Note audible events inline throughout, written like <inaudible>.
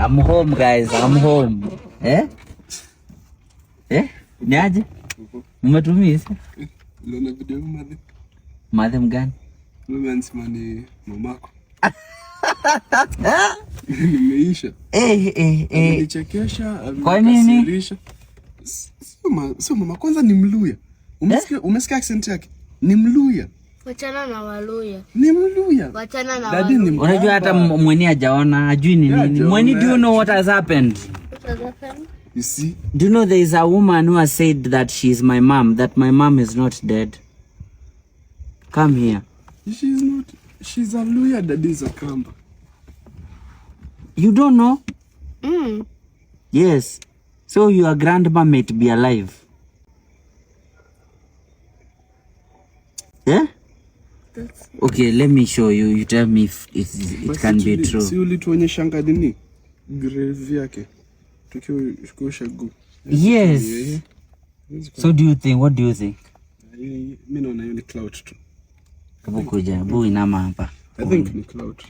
I'm home guys, I'm home. Eh? Eh? Ni aje? Mmetumia Unaona video madhem? Madhem gani? Mimi mamako. <laughs> Nimeisha. Eh, eh, eh. Nichekesha, kwa nini? Sio mama, kwanza ni Mluya. Eh? Umesikia, umesikia accent yake? Ni Mluya. Wachana na Waluya. Unajua hata mweni hajaona, ajui ni nini. Mweni, do you know what has happened? What has happened? You see? Do you know there is a woman who has said that she is my mom, that my mom is not dead. Come here. She is not. She is a Luya, daddy is a Kamba. You don't know? Mm. Yes. So your grandma might be alive. Yeah? Okay, let me show you. You tell me if it, it can be true. Si ulituonyeshanga nini? Grave yake. Tukiosha go. Yes. So do you think, what do you think? Mimi naona hiyo ni cloud tu. Kama kuja, bu mm. inama hapa. I think ni cloud.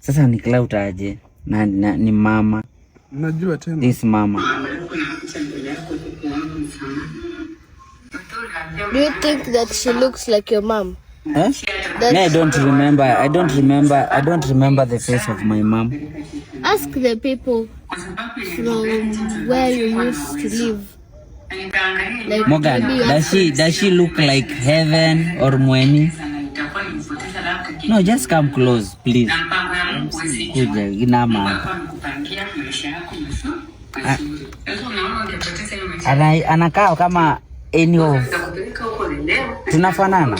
Sasa ni cloud aje? Na, na ni mama. Najua tena. This mama. Do you think that she looks like your mom? Eh? I don't remember. I don't remember. I don't remember the face of my mom. Ask the people from where you used to live. Like Morgan, does she does she look like heaven or Mweni? No, just come close, please. Kuja inama hapa. Ah, anakaa kama any of tunafanana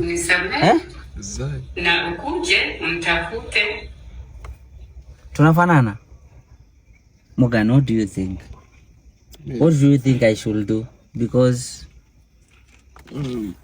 unisamehe eh? na ukuje mtafute. Tunafanana. Morgan, what do you think? What do you think I should do? Because mm.